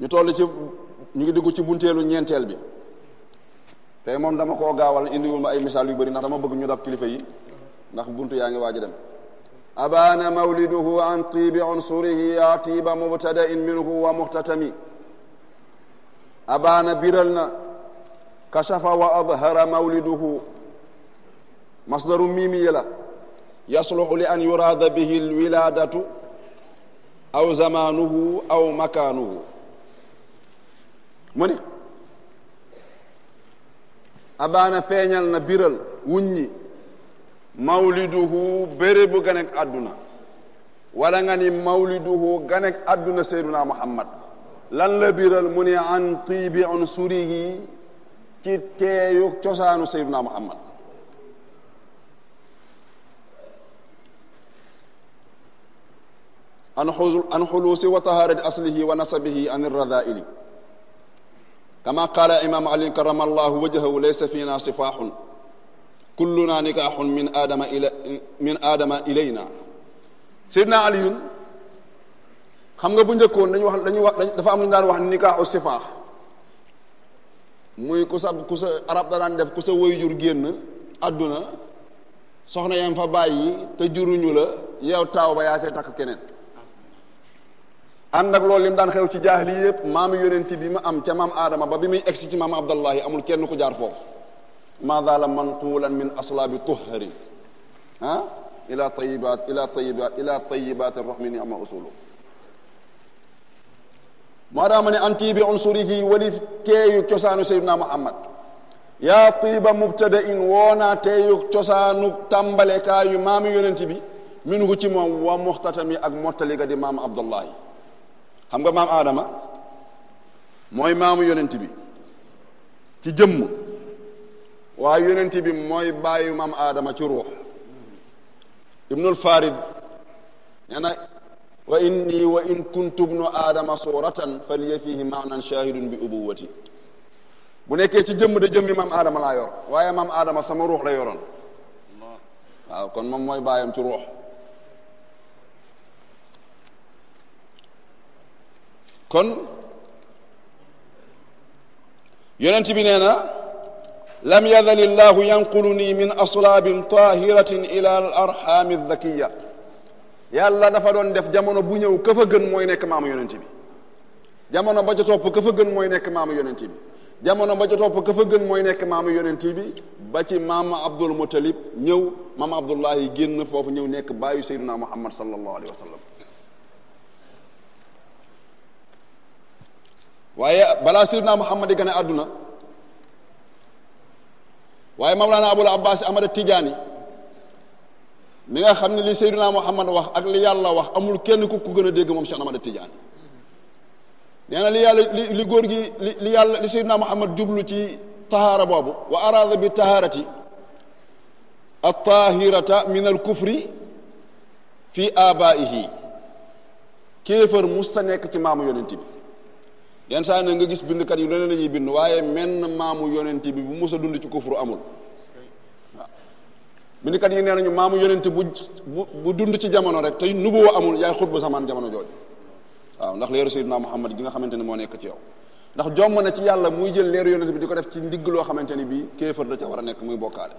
ñu toll ci ñu ngi dugg ci bunteelu ñeenteel bi tey moom dama ko gaawal indiwul ma ay misaal yu bari ndax dama bëgg ñu dab kilifa ndax buntu yaa ngi waaj a dem abana mawliduhu an tibi unsurihi ya tiba mubtada'in minhu wa muhtatami abana biral kashafa wa adhara mawliduhu masdaru mimiya la yasluhu li an yurada bihi alwiladatu aw zamanuhu aw makanuhu mu ne abaana feeñal na biral wuññi mawliduhu bérébu ganek àdduna wala nga ni mawliduhu ganek àdduna seyduna muhammad lan la biral mu ne an tibi unsurihi ci teeyu cosaanu seyduna muhammad an xuluusi wa taharati aslihi wa nasabihi an irradaili kama qaala imaamu ali karama allahu wajhahu laysa fiina sifaaxun kulluna nikaaxun min aadama ila min aadama ilayna seydna aliyun xam nga bu njëkkoon dañu wax dañu wax dafa amuñ daan wax nikaaxu sifaax muy ku sa ku sa arab da daan def ku sa jur génn àdduna soxna yam fa bàyyi te juruñu la yow taaw ba yaa see takk keneen andak lol lim dan xew ci jaahili yëpp mam yonenti bima am ci mam adama ba bimi muy ci mam abdallah amul kenn ku jaar fof ma man manqulan min aslaabi tuhri ha ila tayyibat ila tayibat ila tayyibat rahmi ni ama usulu madama ni anti bi unsurihi walif teyu cosaanu sayyidina muhammad yaa tiiba mubtada in woonaa teeyu cosaanu tàmbalekaayu mam yonenti bi min ci mom wa muxtatami ak motali ga di mam abdallah xam nga maam aadama mooy maamu yonent bi ci jëmm waaye yonent bi mooy bàyyu maam aadama ci ruux ibnul farid nee na wa inni wa in kuntu bnu aadama suratan faliya fihi maanan shahidun bu nekkee ci jëmm de jëmmi maam aadama laa yor waaye maam sama ruux la yoroon waaw kon moom mooy bàyyam ci ruux kon yonent bi nee na lam yazal illahu yanquluni min aslaabin tahiratin ila al arxaami dakiya yàlla dafa doon def jamono bu ñëw ka gën mooy nekk maamu yonent bi jamono ba ca topp ka gën mooy nekk maamu yonent bi jamono ba ca topp ka fa gën mooy nekk maamu yonent bi ba ci maama abdul mutalib ñëw maama abdullahi génn foofu ñëw nekk baayu sayduna muhammad sallallahu alayhi wa sallam waaye balaa sayyidina muhammad yi gën a àdduna waaye mawlaana abul abbas ahmad tijaani mi nga xam ne li sayyidina muhammad wax ak li yàlla wax amul kenn ku ko gën a dégg moom cheikh ahmad tijaani nee na li yàlla li li gi li li yàlla li sayyidina muhammad jublu ci tahaara boobu wa araada bi tahaarati at-tahirata min al-kufri fi abaihi kéefër mus sa nekk ci maamu yonent bi yenn saa na nga gis bindkat yu leneen la ñuy bind waaye menn maamu yonent bi bu mos a dund ci kufru amul waaw bindkat yi nee nañu maamu yonent bu bu dund ci jamono rek tey nubuwa amul yaay xutbu samaan jamono jooju waaw ndax leeru mu Muhammad gi nga xamante ne moo nekk ci yow ndax jomb na ci yàlla muy jël leeru yonent bi di ko def ci ndigg loo xamante ni bii kéefër da ca war a nekk muy bokkaale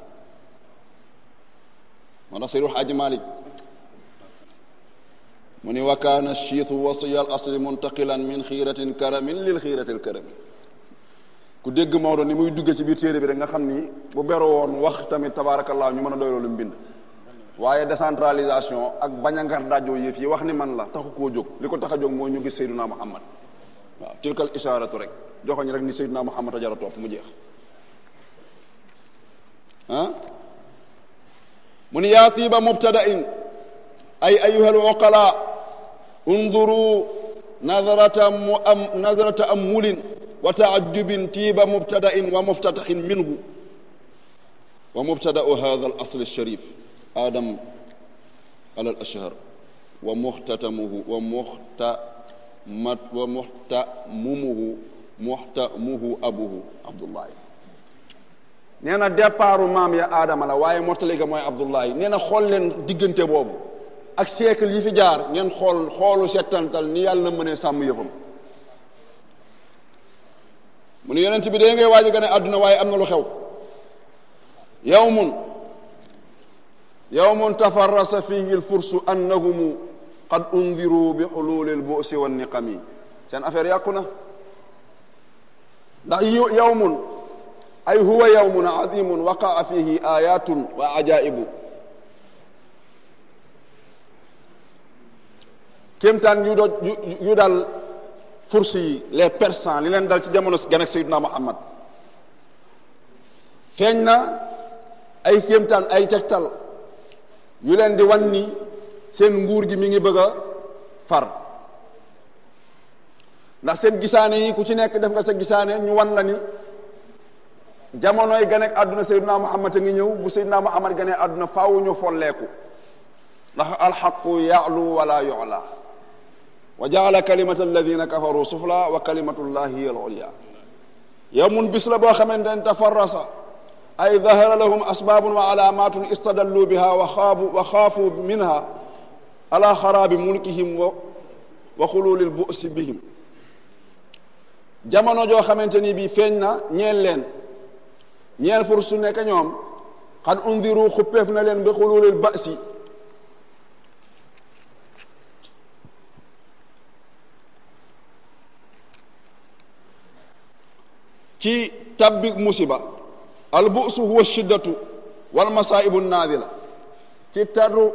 moo tax Seydi Haaji Malik mu ni wa kaana chiitu wasiya al asli muntaqilan min xiiratin karamin lil xiiratil karami ku dégg Maodo ni muy dugge ci biir téere bi rek nga xam ni bu bero woon wax tamit tabaarakallaa ñu mën a doy loolu mbind waaye décentralisation ak bañ a ngar daajoo yëf yi wax ni man la taxu koo jóg li ko tax a jóg mooy ñu gis Seydunaa Muhammad waaw tilkal ishaaratu rek joxoñ rek ni Seydunaa Muhammad a jara topp mu jeex mu ni yaa tiiba mubtadain ay ayuhal uqala انظروا نظرة, نظرة تأمل وتعجب تيب مبتدأ ومفتتح منه ومبتدأ هذا الأصل الشريف آدم على الأشهر ومختتمه ومختمت ومختممه محتمه أبوه عبد الله نينا na départu maam ya aadama la waaye mottali ga mooy abdullahi nee na xool leen diggante ak siècle yi fi jaar ngeen xool xoolu settantal ni yàlla mënee sàmm yëfam mu ne yonent bi dee ngay waaj gane àdduna waaye am na lu xew yawmun yawmun tafarrasa fihi lfursu annahum qad undiru bi xululi lbusi niqami seen affaire yàqu na ndax yawmun ay huwa yawmun adimun waqaa fihi ayatun wa ajaibu kéemtaan yu doo yu dal fursi yi les persans yi leen daal ci jamono gan ak Seydina Muhammad feeñ na ay kéemtaan ay tegtal yu leen di wan ni seen nguur gi mi ngi bëgg a far ndax seen gisaane yi ku ci nekk def nga sa gisaane ñu wan la ni jamonoy gane àdduna Seydina Muhammad a ngi ñëw bu Seydina Muhammad gane àdduna faaw ñu folleeku ndax alxaqu yaalu wala yoolaa وجعل كلمة الذين كفروا سفلى وكلمة الله هي العليا يوم بسلا بو خمنتن تفرس أي ظهر لهم أسباب وعلامات استدلوا بها وخابوا وخافوا منها على خراب ملكهم وخلول البؤس بهم jamono joo xamante ni bii feeñ na ñeel leen ñeel fur su nekk ñoom xad undiru xuppeef na leen bi basi ci tabbi musiba bu'su huwa shiddatu wal masaibu nadila ci taru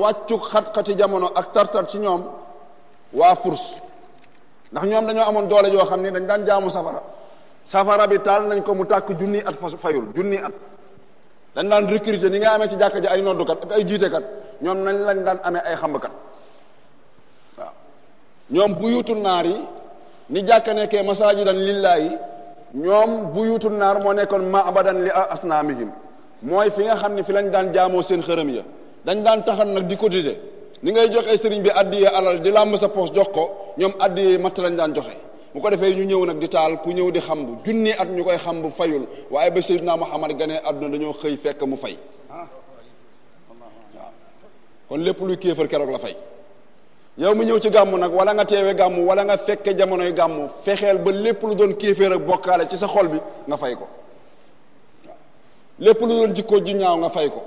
waccu xat-xati jamono ak tartar ci ñom wa furs ndax ñom dañu amon doole jo xamni ni dañ dan jaamu safara safara bi tal nañ ko mu tak junni at fayul junni at dañ dan recruter ni nga amé ci jakka ji ay kat ak ay kat ñom nañ lañ dan amé ay xambkat kat ñom bu ni jakka nekkee masajidan lillahi ñoom buyutu naar moo nekkoon abadan li asnaamihim mooy fi nga xam ne fi lañ daan jaamoo seen xërëm ya dañ daan taxan nag di cotiser ni ngay joxe sëriñ bi addiye alal di làmb sa poos jox ko ñoom addiye matt lañ daan joxe mu ko defee ñu ñëw nag di taal ku ñëw di xambu junni at ñu koy xambu fayul waaye ba Seydina Muhammad ganee àdduna dañoo xëy fekk mu fay ah. kon lépp luy kéefal keroog la fay yow mi ñëw ci gàmmu nag wala nga teewe gàmmu wala nga fekke jamono yu gàmmu fexeel ba lépp lu doon kéeféer ak bokkaale ci sa xol bi nga fay ko lépp lu doon jikko ji ñaaw nga fay ko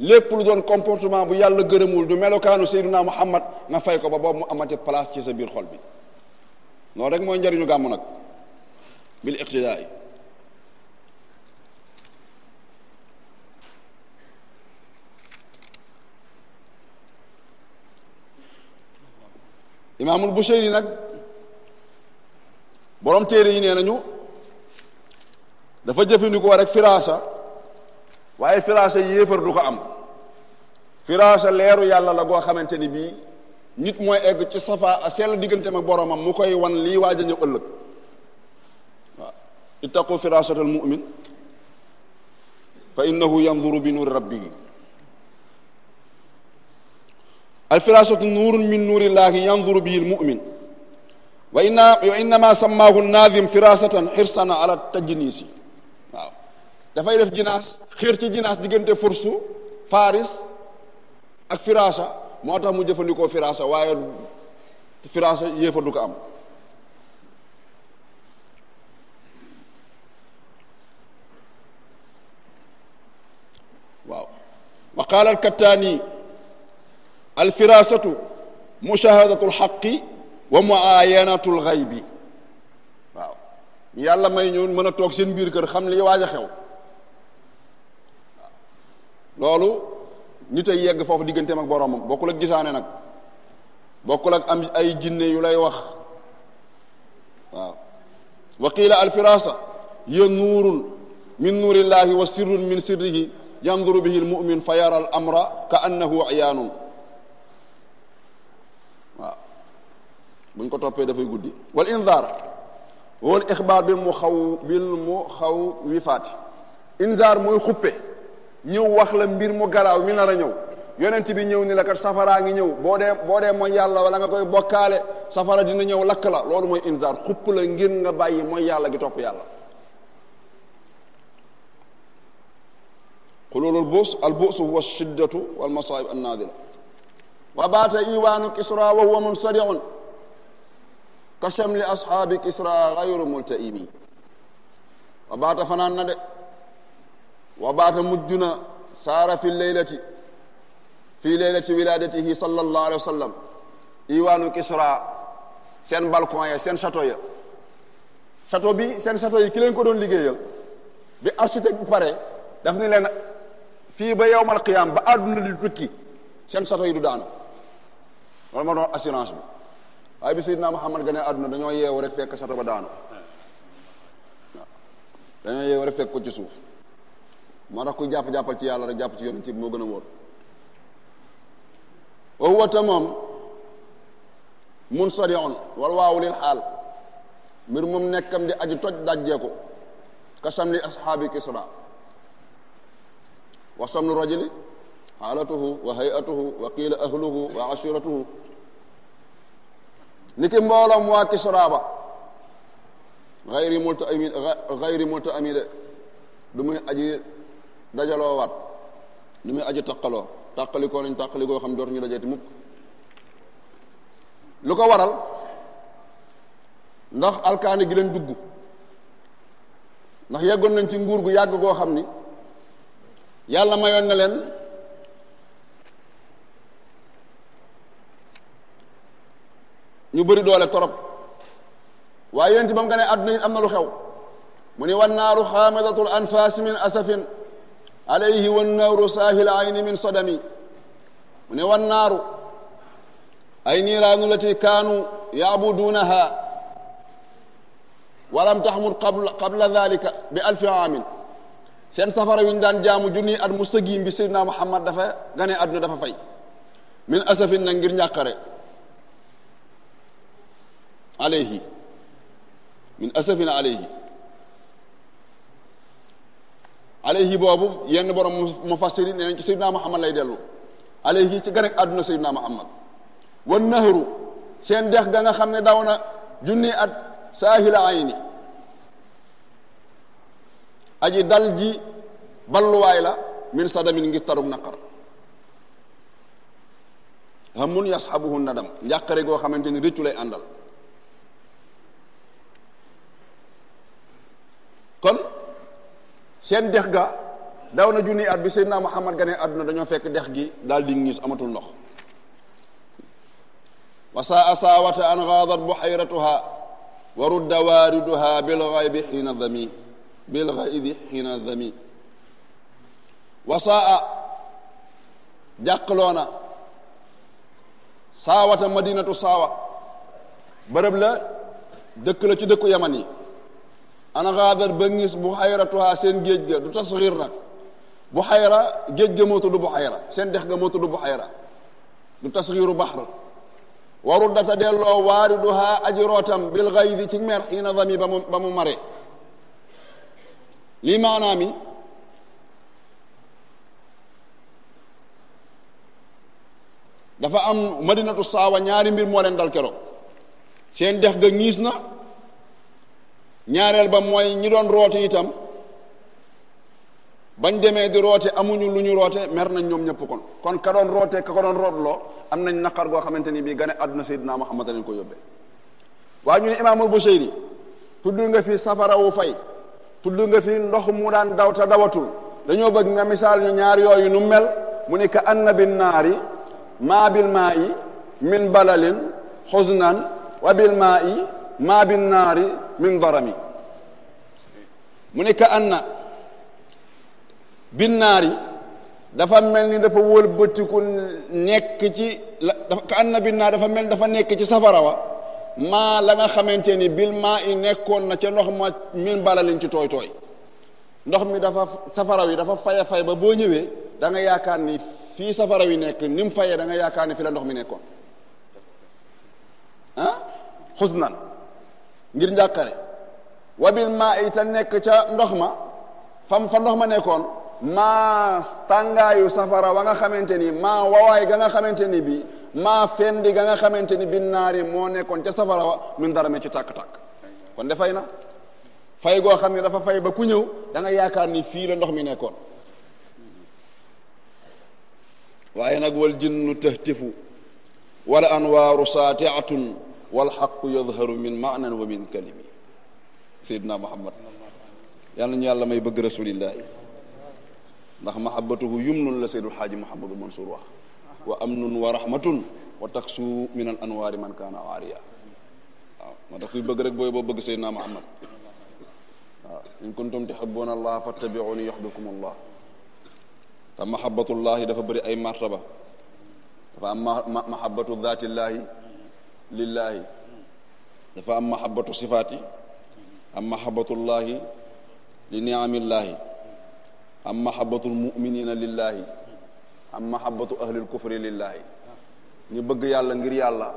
lépp lu doon comportement bu yàlla gërëmul du melokaanu seyduna muhammad nga fay ko ba boobu mu amati place ci sa biir xol bi loolu rek mooy njariñu gàmmu nag bil iqtidaa imam al bushayri nak borom téré yi nenañu nañu dafa jëfandikoo rek firasa waye firasa yéefar du ko am firasa leeru yàlla la go xamanteni bi nit moy egg ci safa sel digganteem mak boromam mu koy wan li waja ñu ëlëk ëllëg ittaqu firasatal mu'min fa innahu yanzuru bi nur rabbihi الفراشة نور من نور الله ينظر به المؤمن وإن وإنما سماه الناظم فراسة حرصا على التجنيس دا فاي ديف جيناس خير تي جيناس ديغنتي فورسو فارس اك فراسة موتا مو جيفانديكو فراسة وايا فراسة ييفا دوكا ام واو وقال الكتاني الفراسة مشاهدة الحق ومعاينة الغيب واو يالا ماي نيون من توك سين بير كير خام لي واجا خيو لولو نيتاي ييغ فوف ديغنتي ماك بوروم بوكول اك جيسانه ناك بوكول اك ام اي جيني يولاي واخ واو وقيل الفراسة هي نور من نور الله وسر من سره ينظر به المؤمن فيرى الامر كانه عيان buñ ko toppee dafay guddi wal inzaar wal ixbaar bil mu xaw bil mu xaw wi faati inzaar mooy xuppe ñëw wax la mbir mu garaaw mi nar a ñëw yonent bi ñëw ni la kat safaraa ngi ñëw boo dee mooy yàlla wala nga koy bokkaale safara dina ñëw lakk la loolu mooy inzaar xupp la ngir nga bàyyi mooy yàlla gi topp yàlla xululul buus al buus huwa shiddatu wal masaib annaadila wa baata iwaanu kisra wa huwa munsariun كشمل أصحاب كسرى غير ملتئمين وبعد فنان ندى وبعد مدنا سار في الليلة في ليلة ولادته صلى الله عليه وسلم إيوان كسرى سين بالكون يا سين شاتويا شاتو بي سين شاتويا كلين كودون ليغيا بي ارشيتك بو باري دا لين في با يوم القيامه با ادنا دي فكي سين شاتويا دو دانو ولا ما دون اسيرانس بي waaye bi Seydina Muhammad gane àdduna dañoo yeewu rek fekk château ko ci suuf moo tax ku jàpp-jàppal ci yàlla rek jàpp ci yonent ci moo gën a wóor wa huwa ta moom mun sarion wala waawu lil xaal mbir moom nekkam di aju toj dajjee ko ka samli ashaabi kisra wa samlu rajuli xaalatuhu wa hayatuhu wa qiila ahluhu wa ashiratuhu niki mbooloom waa Kisra ba xayri multa ami xayri multa ami de du muy aji dajaloo waat du muy aji taqaloo tàqalikoo nañ tàqalikoo xam dootuñu dajeeti mukk lu ko waral ndax alkaani gi leen dugg ndax yeggoon nañ ci nguur gu yàgg goo xam ni yàlla mayoon na leen ñu bëri doole torop waaye yonent ba mu gane àdduna it am na lu xew mu ni wannaaru xaamidatul anfaas min asafin alayhi wannaaru saahil ayni min sodami mu ni wannaaru ay niiraanu lati kaanu yaabuduunaha walam taxmud qabla qabla dalika bi alfi aamin seen safara wi ñu daan jaamu junni at mu bi seydina muhammad dafa gane àdduna dafa fay min asafin nag ngir ñàkkare alayhi min asafin alayhi alayhi boobu yenn borom mu fassiri nee nañ ci Seydina Muhammad lay dellu alayhi ci ganek àdduna Seydina Muhammad wan nahru seen dex ga nga xam ne daw na junni at saahila ayni aji dal ji balluwaay la min sadamin ngir tarug naqar hamun yasxabuhu nadam njàqare goo xamante ni rëccu lay àndal kon seen dex ga daw na junni at bi Seydina Muhammad gane àdduna dañoo fekk dex gi daal di ngiis amatul ndox wa saa saawata an gaadat buxayratuha wa rudda waariduha bilxaybi xiina dami bilxaydi xiina dami wa saa jàqloona saawata madinatu saawa bërëb la dëkk la ci dëkku yaman yi ana xaadar ba ngis bu xayratuha seen géej ga du tasxiir nag bu xayra géej ga moo tudd bu xayra seen dex ga moo tudd bu xayra du tasxiiru baxr waruddata delloo waariduha ajrootam bil xaydi ci mer xiina dami ba mu ba mu mare lii maanaa mi dafa am madinatu saawa ñaari mbir moo leen dal keroog seen dex ga ñiis na ñaareel ba mooy ñi doon roote itam bañ demee di roote amuñu lu ñu roote mer nañ ñoom ñëpp kon kon ka doon roote ka ko doon rootloo am nañ naqar goo xamante ni bii gane àdduna sayidina mohammad lañ ko yóbbee waa ñu ne imaamul bouchayri tudd nga fii safarawu fay tudd nga fii ndox mu daan daw te dawatul dañoo bëgg nga misaal ñu ñaar yooyu nu mel mu ni ka anna bi naari maa bilmaa yi min balalin xusnan wa bilmaa yi ma bin naari min mi mu ne ka anna bin dafa mel ni dafa wëlbatiku nekk ci ka anna bin dafa mel ni dafa nekk ci safara wa maa la nga xamante ni bil maa i nekkoon na ca ndox ma min balalin ci tooy tooy ndox mi dafa safara wi dafa fay a fay ba boo ñëwee da yaakaar ni fii safara wi nekk ni mu fayee da yaakaar ni fi ndox mi nekkoon ah ngir njàqare wabil maa yi te nekk ca ndox ma fam fa ndox ma nekkoon maa tàngaayu safara wa nga xamante ni maa wawaay ga nga xamante ni bi maa fendi ga nga xamante ni bi naari moo nekkoon ca safara wa min dara me ci tàkk-tàkk kon defay na fay goo xam ne dafa fay ba ku ñëw da nga yaakaar ni fii la ndox mi nekkoon waaye nag wal jinnu tahtifu wala anwaaru saatiatun والحق يظهر من معنى ومن كلمة سيدنا محمد يعني نيال لما يبقى رسول الله نخ محبته يمن لسيد الحاج محمد المنصور وأمن ورحمة وتكسو من الأنوار من كان عاريا ما تقول بقرك بوي بقى سيدنا محمد إن كنتم تحبون الله فاتبعوني يحبكم الله تم محبة الله دفبري أي مرتبة فأما محبة ذات الله lillaahi dafa am mahabatu sifaati am mahabatullaahi li niamillaahi am mahabatul muminina lillaahi am mahabatu ahlil kufri lillaahi ñu bëgg yàlla ngir yàlla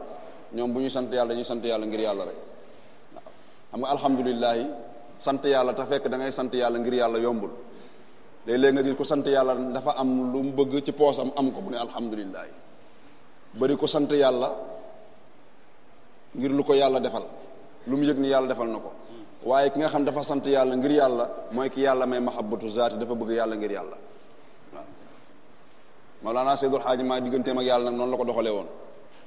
ñoom bu ñu sant yàlla ñuy sant yàlla ngir yàlla rek waaw xam nga alhamdulillahi sant yàlla te fekk da sant yàlla ngir yàlla yombul léeg-léeg nga gis ku sant yàlla dafa am lu bëgg ci poosam am ko mu ne alhamdulillahi bari ko sant yàlla ngir lu ko yàlla defal lu mu yëg ni yàlla defal na ko waaye ki nga xam dafa sant yàlla ngir yàlla mooy ki yàlla may ma mahabbatu zaati dafa bëgg yàlla ngir yàlla waaw Mawlaana Seydul Xaaji maa digganteem ak yàlla nag la ko doxalee woon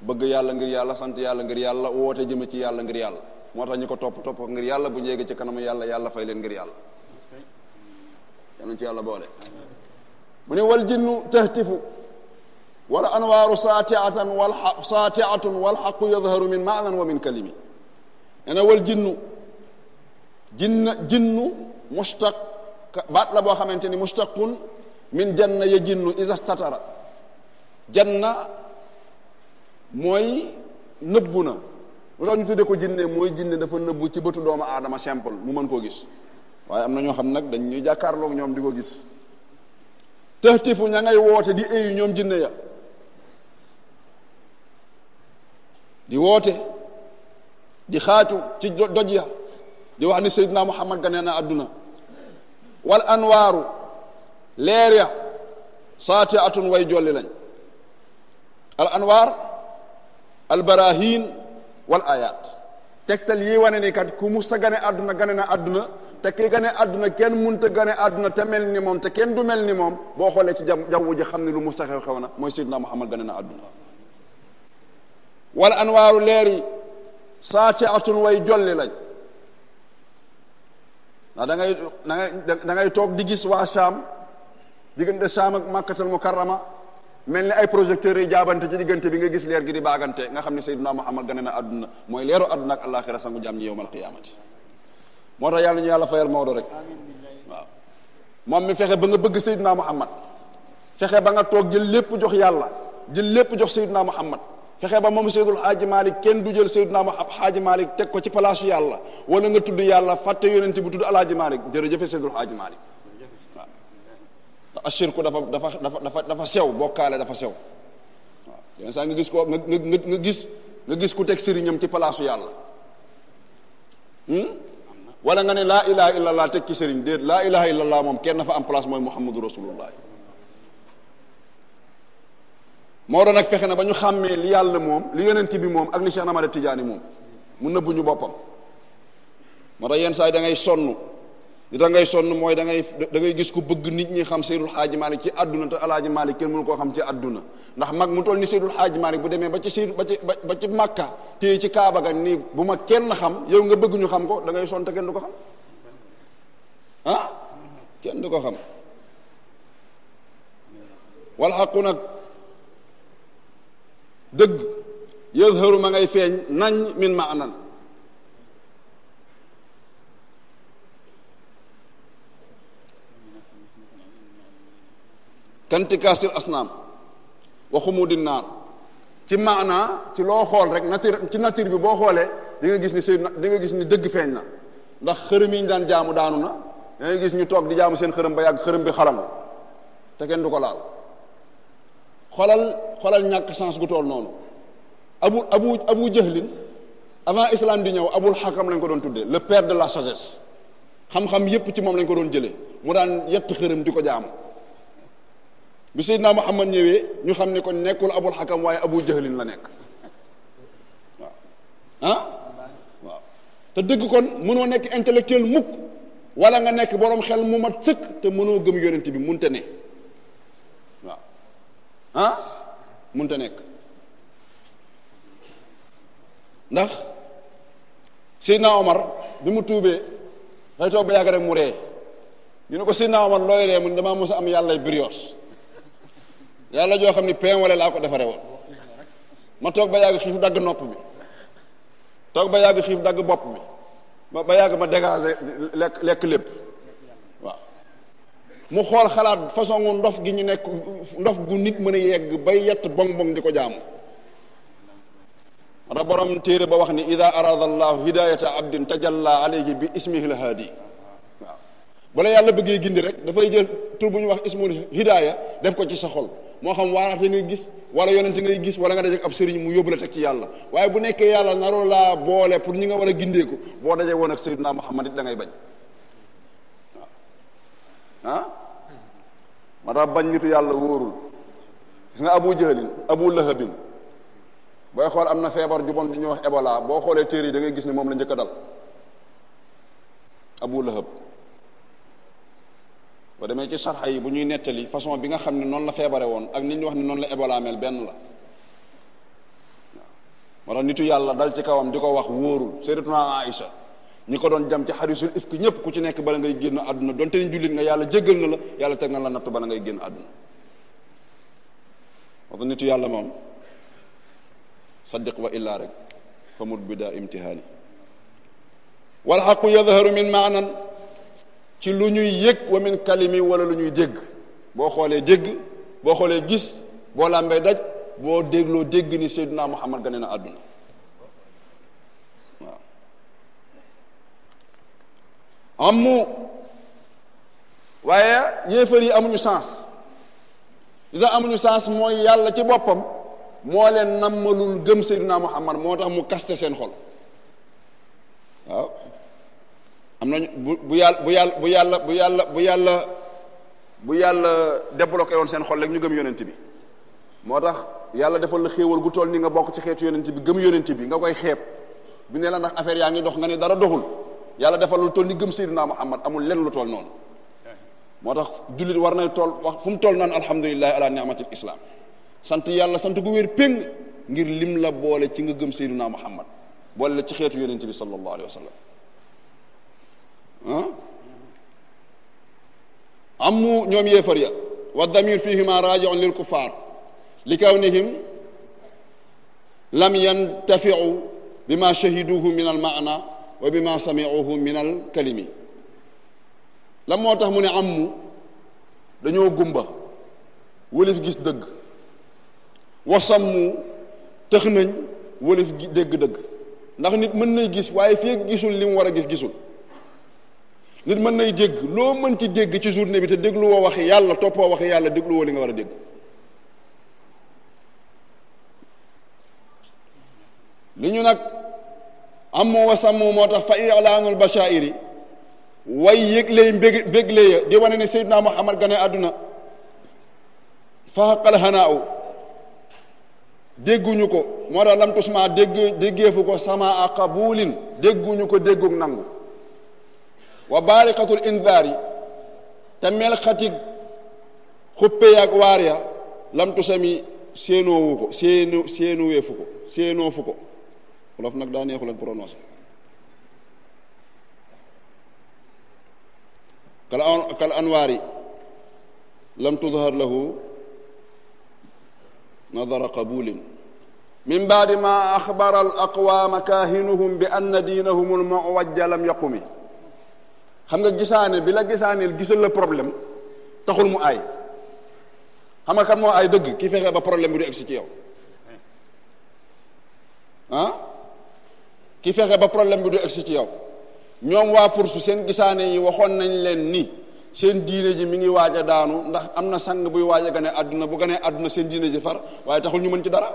bëgg yàlla ngir sant yàlla ngir yàlla woote jëme ci yàlla ngir yàlla moo tax ñu ko topp topp ngir yàlla bu ñu yeggee ci kanamu yàlla yàlla fay leen ngir yàlla yal ci yàlla boole mu ne wal jinnu wala anwaaru saatiatan wal saatiatun walxaqu yadharu min maanan wa min kalimi nee na wal jinnu jinnu mushtaq baat la boo xamante ni mushtaqun min janna ya jinnu isastatara janna mooy nëbbu na lu tax ñu ko jinne mooy jinne dafa nëbbu ci bëtu doomu aadama simple mu mën koo gis waaye am na ñoo xam nag dañ ñuy jàkkaarloog ñoom di ko gis tëxtifu ña woote di éyu ñoom jinne ya di wote di haatu ci doƴya di wax ni seydna mouhammad ganena aduna wal anwaru leer ya saati atun way jolli lañ al anwar al barahin wal ayat tektal yi wane ni kat ku musa gane aduna gane na aduna te ki gane aduna kenn munta gane aduna te mel ni moom te kenn du mel ni moom boo xoolee ci jaww ji xamni lu musa xew xew na mooy seydna gane na aduna wal Anwaru leer yi atun way jolli lañ ndax da ngay da ngay da ngay toog di gis waa Saam diggante Saam ak Makkatal Mukarrama mel ni ay projecteurs yi jaabante ci diggante bi nga gis leer gi di baagante nga xam ne Seydina Muhammad gane na àdduna mooy leeru aduna ak àllaaxira sangu jaam ñi yowmal qiyaamati moo tax yàlla ñu yàlla fayal Maodo rek waaw moom mi fexe ba nga bëgg Seydina Muhammad fexe ba nga toog jël lépp jox yàlla jël lépp jox Seydina Muhammad fexe ba moom seydul xaaji malik kenn du jël seyduna ma ab xaaji malik teg ko ci palaasu yàlla wala nga tudd yàlla fàtte yonent bu tudd alaaji malik jërëjëfe seydul xaaji malik waaw ashirku dafa dafa dafa dafa dafa sew bokkaale dafa sew waaw yenn nga gis ko nga nga nga gis nga gis ku teg sëriñam ci palaasu yàlla hmm? wala nga ne laa ilaha illallah teg ci sëriñ déet laa ilaha illallah moom kenn dafa am place mooy muhammadu rasulullah moo doon nag fexe na ba ñu xàmmee li yàlla moom li yonent bi moom ak li Cheikh Ahmada Tidiane moom mu nëbbu ñu boppam moo tax yenn saa yi da ngay sonn li da ngay sonn mooy da ngay da ngay gis ku bëgg nit ñi xam Seydul Xaaji Maalik ci àdduna te Alaaji kenn mënu koo xam ci àdduna ndax mag mu toll ni Seydul Xaaji Maalik bu demee ba ci Seydul ba ci ba ci Màkka téye ci Kaaba ga nii bu ma kenn xam yow nga bëgg ñu xam ko dangay ngay sonn te kenn du ko xam ah kenn du ko xam wal xaqu nag dëgg yazharu ma ngay feeñ nañ min ma anan kantikaasil asnaam waxumu di naar ci maanaa ci loo xool rek nature ci nature bi boo xoolee di gis ni seen di nga gis ni dëgg feeñ na ndax xërëm yi ñu daan jaamu daanu na da nga gis ñu toog di jaamu seen xërëm ba yàgg xërëm bi xalam te kenn du ko laal xolal xoolal ñàkk chance gu tool noonu abu abu abu jahlin avant islam di ñëw abul xakam lañ ko doon tuddee le père de la sagesse xam-xam yépp ci moom lañ ko doon jëlee mu daan yett xërëm di ko jaam bi Seydina Muhammad ñëwee ñu xam ne kon nekkul abul xakam waaye abu jahlin la nekk waaw ah waaw te dëgg kon mënoo nekk intellectuel mukk wala nga nekk boroom xel mu mat sëkk te mënoo gëm yonent bi munte ne waaw ah? mënta nekk ndax Seydina Omar bi mu tuubee day toog ba yàgg rek mu ree ñu ne ko Seydina Omar looy ree mu ne damaa mos am yàlla brioche yàlla joo xam ni pain wala laa ko defaree woon ma toog ba yàgg xiif dagg nopp bi toog ba yàgg xiif dagg bopp bi ma ba yàgg ma dégager lekk lekk lépp mu xool xalaat façon ndof gi ñu nekk ndox gu nit mën a yegg bay yett bong bong di ko jaamu ra borom téere ba wax ni ida arada allahu hidayata abdin tajalla alayhi bi ismihi lhaadi waaw bu la yàlla bëggee gindi rek dafay jël tur bu ñu wax ismul hidaaya def ko ci sa xol moo xam waaraate ngay gis wala yonente ngay gis wala nga dajeek ab sëriñ mu yóbbu la teg ci yàlla waaye bu nekkee yàlla naroo laa boole pour ñi nga war a gindeeku boo dajee woon ak sayyidina muhammad it da ngay bañ ah moo tax bañ nitu yàlla wóorul gis nga abu jahlin abu lahabin booy xool am na feebar ju bon bi ñuy wax Ebola boo xoolee téere yi dangay gis ni moom la njëkk a dal abu lahab ba demee ci sarxa yi bu ñuy nettali façon bi nga xam ne noonu la feebare woon ak nit ñu wax ne noonu la Ebola mel benn la moo tax nitu yàlla dal ci kawam di ko wax wóorul Sayyidatuna Aïcha ñi ko doon jam ci xarisul ifk ñëpp ku ci nekk bala ngay génn àdduna donte ni jullit nga yàlla jéggal na la yàlla teg na la natt bala ngay génn àdduna wax nitu yàlla moom saddiq wa illa rek fa mut bidaa imtihaani wal xaqu yadharu min maanan ci lu ñuy yëg wa min kalimi wala lu ñuy dégg boo xoolee dégg boo xoolee gis boo làmbee daj boo dégloo dégg ni seyduna muhammad gane na àdduna ammu waaye yéefar yi amuñu chance li tax amuñu chance mooy yàlla ci boppam moo leen nammalul gëm am Muhammad moo tax mu kaste seen xol waaw am nañu bu bu yàlla bu yàlla bu yàlla bu yàlla bu yàlla bu yàlla débloqué woon seen xol rek ñu gëm yonent bi moo tax yàlla defal la xéewal gu toll ni nga bokk ci xeetu yonent bi gëm yonent bi nga koy xeeb bi ne la ndax affaire yaa ngi dox nga ne dara doxul yàlla defal lu toll ni gëm Seydina Muhammad amul lenn lu toll noonu moo tax jullit war na tool wax fu toll naan alhamdulilahi ala niamatil islam sant yàlla sant gu wér péng ngir lim la boole ci nga gëm Seydina Muhammad boole ci xeetu yonente bi sallallahu alayhi wa sallam amu ñoom yéefar ya wa damir fihima rajiun lil kuffar li lam yantafiu bima shahiduhu min al maana wa bi ma samiuhu min al kalimi lan moo tax mu ne amu dañoo gumba wëlif gis dëgg wasammu tëx nañ wëlif dégg dëgg ndax nit mën nay gis waaye fii gisul li mu war a gis gisul nit mën nay dégg loo mënti dégg ci journée bi te dégluwoo waxi yàlla toppoo waxi yàlla dégluwoo li nga war a dégg li ñu nag amu wa sammu moo tax fa ilaanul bashairi way yëgley mbég di wane ne seydina muhammad gane àdduna fa xaqal xanaaw dégguñu ko moo tax lam tusma dégg ko sama qabuulin dégguñu ko déggug nangu wa baariqatul indaari te mel xatig waar ya lam tusami ko séeno ko séenoofu ko xolof nag daa neexul ak prononcé kal kal anwaari lam tudhar lahu nadara qabulin من بعد ما أخبر الأقوام كاهنهم بأن دينهم المعوج لم يقم خمغا جساني بلا جساني جسل بروبليم تخول مو آي خمغا كان مو آي دغ كي فخه با بروبليم بودي اكسي تيو ها ki fexé ba problème bi du egsi ci yow ñom wa fursu sen gisane yi waxon nañ len ni sen diine ji mi ngi waja daanu ndax amna sang buy waja gané gane bu gané aduna sen diine ji far waye taxul ñu mën ci dara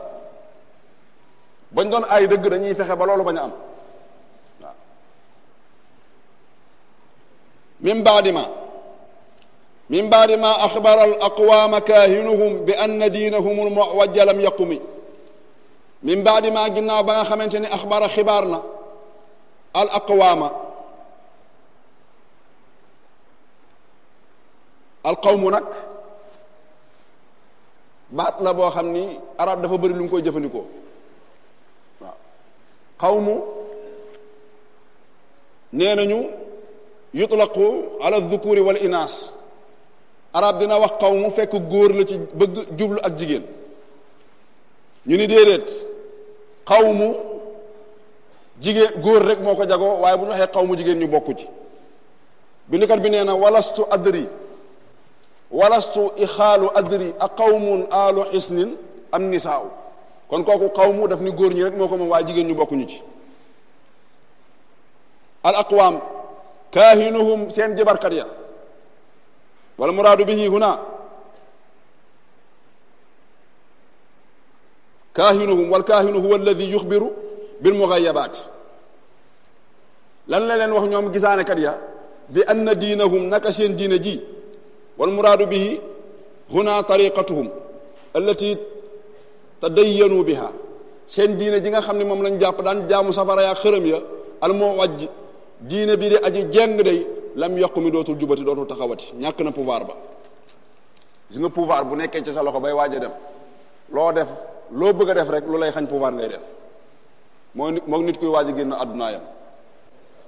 bañ doon ay deug dañuy fexé ba lolu baña am min ba'dima min ba'dima akhbara al ما أخبر bi anna بأن al المعوج lam yaqumi من بعد ما قلنا وبنا خمنتني أخبار خبارنا الأقوام القوم نك بات لا بو خامني عرب دا فا بري لونكو جيفانيكو قوم نينانيو يطلقوا على الذكور والاناث عرب دينا واخ قوم فك غور لا تي بغ جوبلو اك جيجين ني ني xawmu jigéen góor rek moo ko jagoo waaye bu ñu waxee xawmu jigéen ñu bokku ci bindikat bi nee na walastu adri walastu ixaalu adri a qawmun aalu xisnin am nisaaw kon kooku xawmu def ni góor ñi rek moo ko moom waaye jigéen ñu bokkuñu ci al aqwaam kaahinuhum seen jabarkat ya wala muraadu bihi huna كاهنهم والكاهن هو الذي يخبر بالمغيبات لن لن وخ نيوم غيسانا كات بان دينهم نك سين دين جي والمراد به هنا طريقتهم التي تدينوا بها سين دين جيغا خامني موم لان جاب دان جامو سفر يا خرم يا الموج دين بي دي ادي جينغ دي لم يقم دوت الجبت دوت taxawati نياك نا بوفار با جيغا بوفار بو نيكي سي سا لوخو باي واجي waaj لو ديف lo bëgg def rek lu lay xañ pouvoir ngay def moo moo nit kuy waaj a génn àdduna yam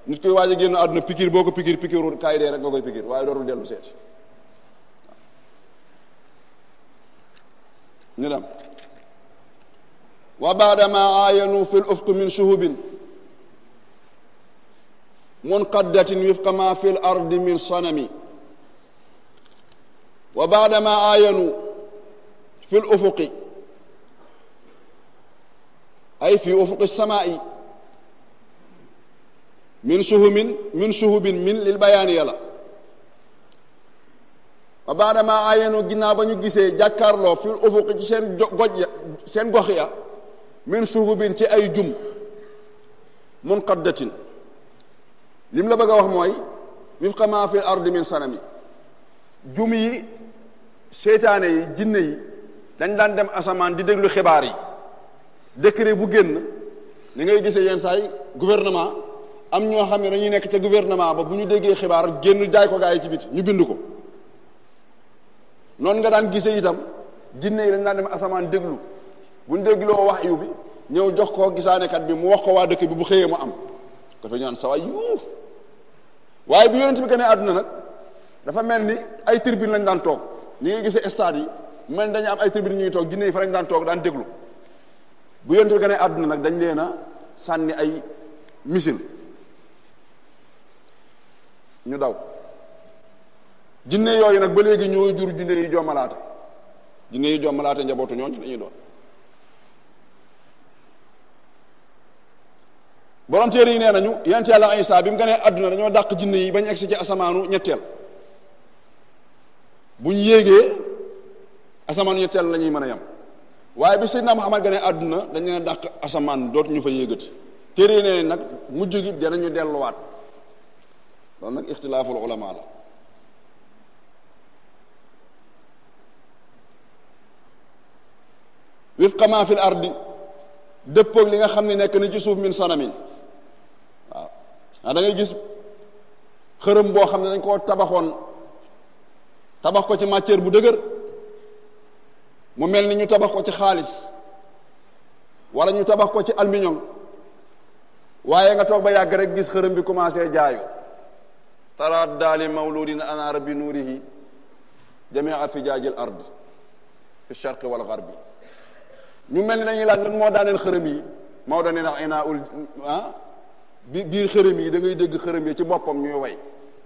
nit kuy waaj a génn àdduna pikir boo ko pikiir pikiiru kaay dee rek nga koy pikiir waaye dootul dellu seeti ñu dem wa baadama aayanu fi l ufq min shuhubin munqaddatin wifqa ma fi l ardi min sanami wa baadama aayanu fi l أي في أفق السماء من شهب من شهب من للبيان يلا وبعد ما آيانو جناب نجسي جاكار لو في أفق سين جوجيا سين غوخيا من شهب تي أي جم منقدة لم لبغا وخ موي وفق ما في الأرض من سنمي جمي شيطاني جني دان دان دم أسمان دي دغلو خباري décret bu génn li ngay gisee yenn saa yi gouvernement am ñoo xam ne dañuy nekk ca gouvernement ba bu ñu déggee xibaar génn jaay ko gaa yi ci biti ñu bind ko noonu nga daan gisee itam jinne yi dañ daan dem asamaan déglu bu ñu dégloo wax iw bi ñëw jox ko gisaanekat bi mu wax ko waa dëkk bi bu xëyee mu am dafa ñaan sawaay yuu waaye bi yonent bi gënee àdduna nag dafa mel ni ay tribune lañ daan toog ñi ngay gisee stade yi mel ni dañu am ay tribune ñuy toog jinne fa lañ daan toog daan déglu bu yonent bi gane àdduna nag dañ leen a sànni ay misil ñu daw jinne yooyu nag ba léegi ñoo jur jinne yu jommalaate jinne yu jommalaate njabootu ñooñu dañuy doon borom yi nee nañu yonent yàlla Isaa bi mu ganee àdduna dañoo dàq jinne yi bañ egsi ci asamaanu ñetteel bu ñu yéegee asamaanu ñetteel lañuy ñuy mën a yem waaye bi Seydina Muhammad gane àdduna dañ leen asamaan dootu ñu fa yéegati téere nag mujj gi danañu delluwaat loolu nag ixtilaaful ulama la wifqa ma fil ardi dëppoog li nga xam ne nekk na ci suuf min sanamin waaw ndax da gis xërëm boo xam ne dañ koo tabaxoon tabax ko ci matière bu dëgër mu mel ni ñu tabax ko ci xaalis wala ñu tabax ko ci alminium waaye nga toog ba yàgg rek gis xërëm bi commencé jaayu taraat daali mawludin ana rabbi nuurihi jamia fijaajil ard fi sharq wal garbi ñu mel ni dañuy laaj lan moo daaneel xërëm yi Maodo nee na inaa ul ah bi biir xërëm yi da ngay dégg xërëm yi ci boppam ñuy way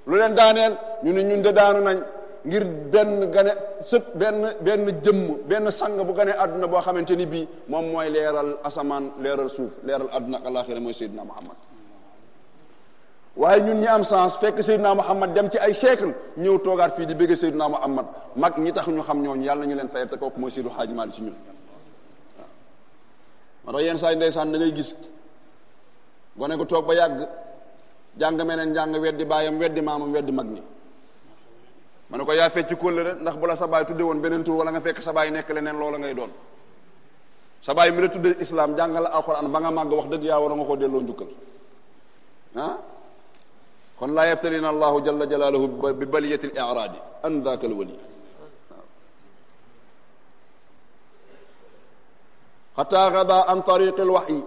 lu leen daaneel ñu ne ñun de daanu nañ ngir benn gane sët benn benn jëmm benn sang bu gane àdduna boo xamante ni bii moom mooy leeral asamaan leeral suuf leeral àdduna ak alaxira mooy Seydina Muhammad waaye ñun ñi am sens fekk Seydina Muhammad dem ci ay siècle ñëw toogaat fii di bëgg Seydina Muhammad mag ñi tax ñu xam ñooñ yàlla ñu leen fayal te kooku mooy Seydu Xaaji Maalik ci ñun waaw. ma yenn saa yi ndeysaan da gis gone ko toog ba yàgg jàng meneen njàng weddi baayam weddi maamam weddi mag ñi. man ko ya fecc le ndax bula sa bay tuddé won benen tour wala nga fekk sa bay nek lenen lolo ngay doon sa bay mi la tuddé islam jangal alquran ba nga mag wax deug ya wara nga ko delo ndukal ha ah? kon la yaftalina allah jalla jalaluhu bi baliyati al i'rad an dhaka al wali حتى غدا عن طريق الوحي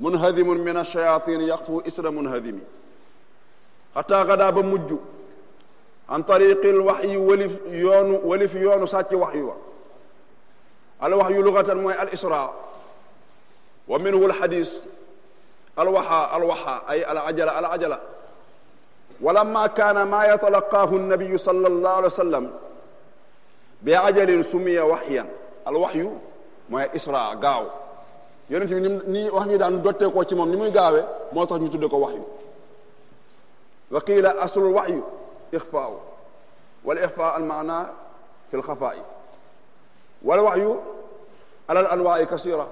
منهزم من الشياطين يقفو اسر منهزم حتى غدا mujju عن طريق الوحي ولف يون ولف يون ساتي وحي الوحي لغة موي الإسراء ومنه الحديث الوحى الوحى أي العجلة العجلة ولما كان ما يتلقاه النبي صلى الله عليه وسلم بعجل سمي وحيا الوحي ما إسراء قاو يعني ني وحي دان دوتيكو تي موم ني موي غاوي موتاخ ني وحي وقيل اصل الوحي إخفاء والإخفاء المعنى في الخفاء والوحي على الأنواع كثيرة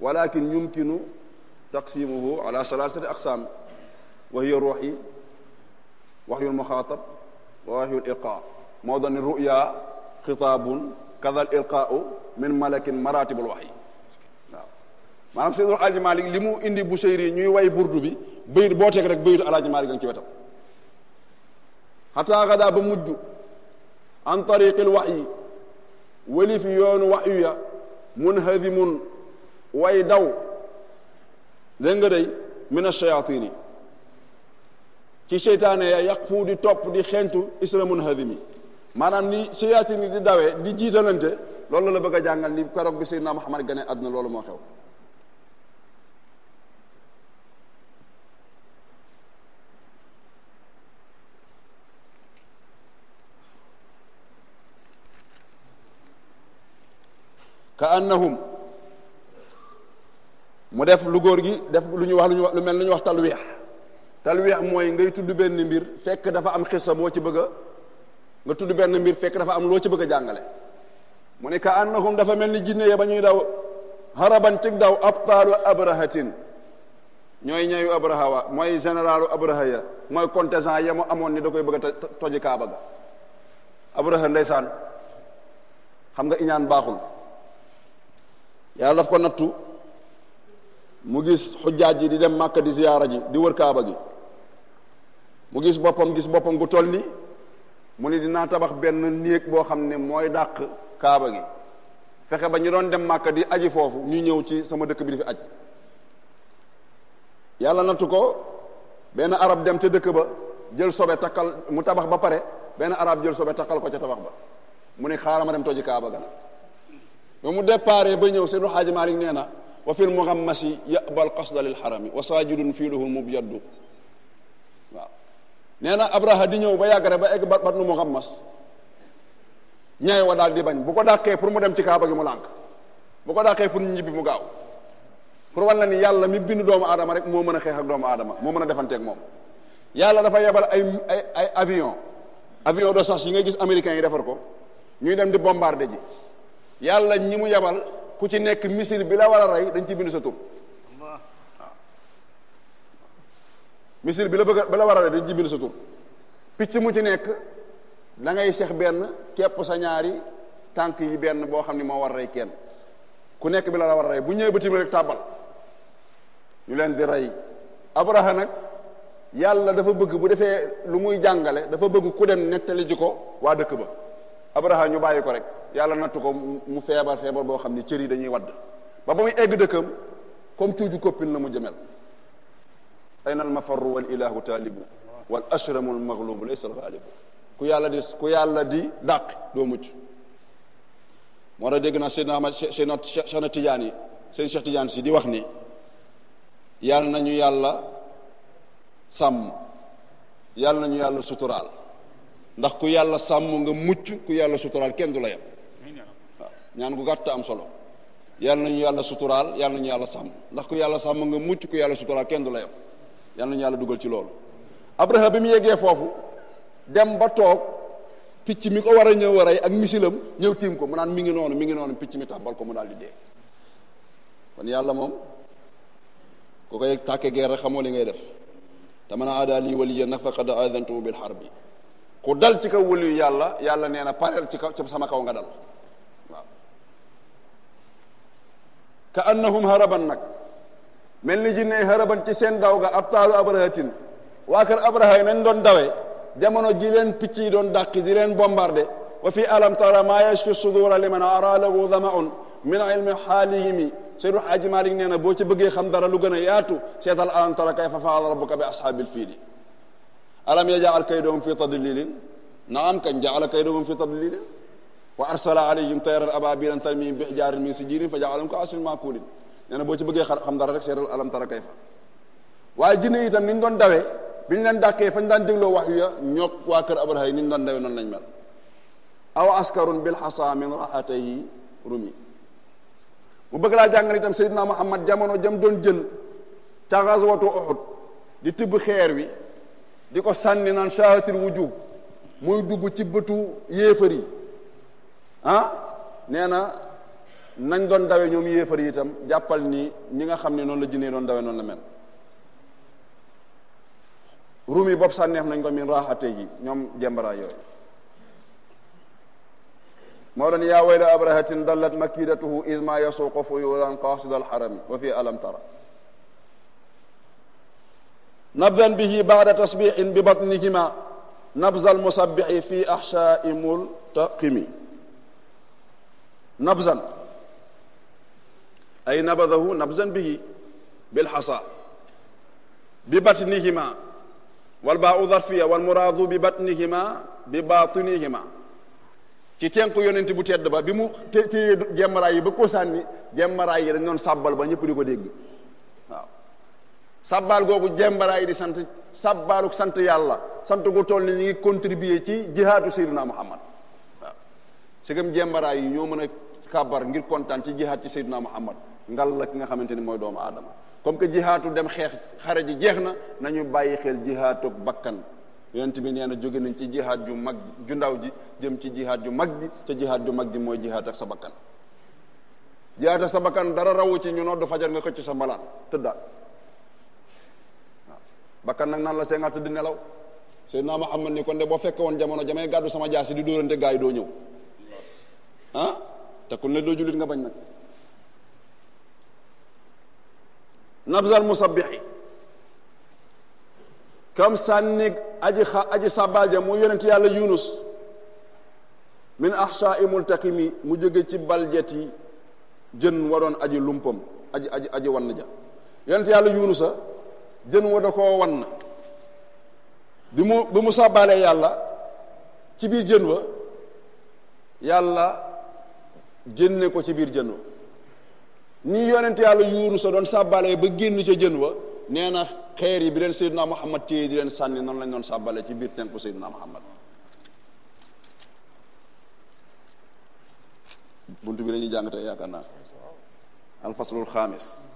ولكن يمكن تقسيمه على ثلاثة أقسام وهي الروحي وحي المخاطب وحي الإلقاء موضع الرؤيا خطاب كذا الإلقاء من ملك مراتب الوحي maanaam نعم. Seydou الحاج مالك li اندي بوشيري Buseyri ñuy way burdu بير bayit boo teg rek xataa xadaa ba mujj an tariqi alwaxyi welif yoonu waxyu ya munhadimun way daw dégg nga day min alchayatini ci seytaane ya yaqfu di topp di xentu isra munhadimi maanaam ni shayatin yi di dawee di jiitalante loolu la bëgg a jàngal ni keroog bi seydina Muhammad gane àdduna loolu moo xew ka annahum mu def lu góor gi def lu ñu wax lu ñu lu mel lu ñu wax talwiix talwiix mooy ngay tudd benn mbir fekk dafa am xissa boo ci bëgg nga tudd benn mbir fekk dafa am loo ci bëgg jàngale mu ne ka annahum dafa mel ni jinne ya ba ñuy daw haraban cig daw abtaalu abrahatin ñooy ñayu abraha mooy généralu abraha ya mooy contingent ya mu amoon ni da koy bëgg a toji kaaba ga abraha ndeysaan xam nga iñaan baaxul yàlla daf ko nattu mu gis xujjaaj ji di dem màkka di ziyaara ji di wër kaaba gi mu gis boppam gis boppam gu toll ni mu ne dinaa tabax benn néeg boo xam ne mooy dàq kaaba gi fexe ba ñu doon dem màkka di aji foofu ñu ñëw ci sama dëkk bi di fi aj yàlla nattu ko benn arab dem ca dëkk ba jël sobe takkal mu tabax ba pare benn arab jël sobe takkal ko ca tabax ba mu ne xaaral ma dem toji kaaba ga ba mu déparé ba ñëw maring hadji malik nee wa fil mughammasi yaqbal qasda lil harami wa sajidun fiiluhu mubyaddu waaw nee na abraha di ñëw ba yàgg ba egg bat bat nu mugammas ñay wa dal di bañ bu ko dàqee pour mu dem ci kaaba gi mu lank bu ko dàqee pour ñibbi mu gaaw pour wal ni yalla mi bindu doomu adama rek mo mën xex ak doomu adama mo defante ak mom yalla dafa yebal ay ay avion avion de chasse yi nga gis américain yi defar ko ñuy dem di bombarder ji yàlla ñi mu yabal ku ci nekk misil bi la war a rey dañ ci bind sa tur waaw bi la bëgg war a ci bind sa picc mu ci nekk da ngay seex benn kepp sa ñaari tànk yi benn boo xam ni moo war a rey kenn ku nekk bi la war a rey bu ñëwee ba tiim rek tàbbal ñu leen di rey abraha nag yàlla dafa bëgg bu defee lu muy jàngale dafa bëgg ku dem nettali ji ko waa dëkk ba abraha ñu bàyyi ko rek yàlla natt ko mu feebar feebar boo xam ne cër yi dañuy wadd ba ba muy egg dëkkam comme cuuju koppin la mu jëmel ayna mafarru wal ilahu talibu wal ashramu al maghlubu laysa alghalibu ku yàlla di ku yàlla di dàq doo mucc moo tax dégg naa seydna ahmad seydna cheikhna tidiane yi seen cheikh tidiane si di wax ni yàlla nañu yàlla sàmm yàlla nañu yàlla suturaal ndax ku yàlla sàmm nga mucc ku yàlla sutural kenn du la yem ñaan gu gàtt am solo yàlla nañu yàlla sutural yàlla nañu yàlla sàmm ndax ku yàlla sàmm nga mucc ku yàlla sutural kenn du la yem yàlla nañu yàlla dugal ci loolu abraham bi mu yeggee foofu dem ba toog picc mi ko war a ñëw ak misilam ñëw tiim ko mu naan mi ngi noonu mi ngi noonu picc mi tàmbal ko mu daal di dee kon yàlla moom koy tàkke xamoo li ngay def te waliya nag aadantu bil harbi ku dal ci kaw wëliyu yàlla yàlla nee na pareel ci kaw ci sama kaw nga dal waaw ka annahum haraban nag mel ni jinne haraban ci seen daw ga ab abrahatin waa kër abraha nañ doon dawe jamono ji leen picc yi doon dàqi di leen bombardé wa fi alam tara ma yashfi sudur liman ara lahu damaun min ilmi xaalihimi Seydu Xaaji Malik neena bo ci bëggee xam dara lu gën a yaatu seetal alam tara kayfa faala rabbuka bi ashabil fiili alam yaj'al kaydahum fi tadlilin naam kañ ja'ala kaydahum fi tadlilin wa arsala alayhim tayran ababilan tarmihim bi hijaarin min sijilin fa ja'alahum ka asfin maakulin nee na boo ci bëggee xam dara rek seetal alam tara kayfa waaye jinne itam ni doon dawe bi ñu leen dàkkee fañ daan dégloo wax yu ya ñoog waa kër abraha yi doon dawee noonu lañ mel aw askarun bil xasa min raxatayi rumi mu bëgg laa jàngal itam seydina muhammad jamono jam doon jël ca xaswatu di tibb xeer diko sànni nan shahatil wujub muy dugg ci bëtu yeferi yi neena nee na nañ doon dawe ñom yeferi itam jàppal ni ñi nga xam non la jine doon dawe non la mel rumi bopp sanex nañ ko min rahate yi ñom jembara yoy مولانا يا ويل wayla دلت مكيدته إذ ما يسوق fuyulan قاصد الحرم وفي ألم ترى nabdan bihi baada tasbihin bi batnihima nabzal musabbihi fi ahshai multaqimi nabzan ay nabadahu nabzan bihi bilxasa bi batnihima walbaa darfiya walmuraadu bi batnihima bi baatinihima ci tenku yonent bu tedd ba bi mu téye jemmaraay yi ba ko sànni jemmaraay yi dañ doon sàbbal ba ñëpp di ko dégg sàbbaal googu jembaraay yi di sant sàbbaaluk sant yàlla sant gu toll ni ñu ngi contribuer ci jihaatu Seydina Muhammad waaw segam jembaraay yi ñoo mën a kàbbar ngir kontaan ci jihaat ci Seydina Muhammad ngal la ki nga xamante ni mooy doomu aadama comme que jihaatu dem xeex xare ji jeex na nañu bàyyi xel jihaatu bakkan yonent bi nee na jóge nañ ci jihaat ju mag ju ndaw ji jëm ci jihaat ju mag ji te jihaat ju mag ji mooy jihaat ak sa bakkan jihaat sa bakkan dara rawu ci ñu noddu fajar nga xëcc sa mbalaan tëddaat bakkan nag naan la see nga tëdd nelaw Seydina Muhammad ni kon de boo fekke woon jamono jamay gàddu sama jaasi di dóorante gaa yi doo ñëw ah kon ne doo jullit nga bañ nag nabzal musabbihi kam sànni aji xa aji sàbbaal ja mu yonent yàlla yunus min ahshaai multaqimi mu jóge ci baljeti jën waroon aji lumpam aji aji aji wann ja yonent yàlla yunusa jën wa da koo wan bi mu bi mu sàbbaalee yàlla ci biir jën wa yàlla génne ko ci biir jën wa nii yonent yàlla yuunu sa doon sàbbaalee ba génn ca jën wa nee na xeer yi bi leen Seydina Muhammad téye di leen sànni noonu lañ doon sàbbalee ci biir teen ko Seydina Muhammad bunt bi la jàng tey yaakaar naa alfaslul xaamis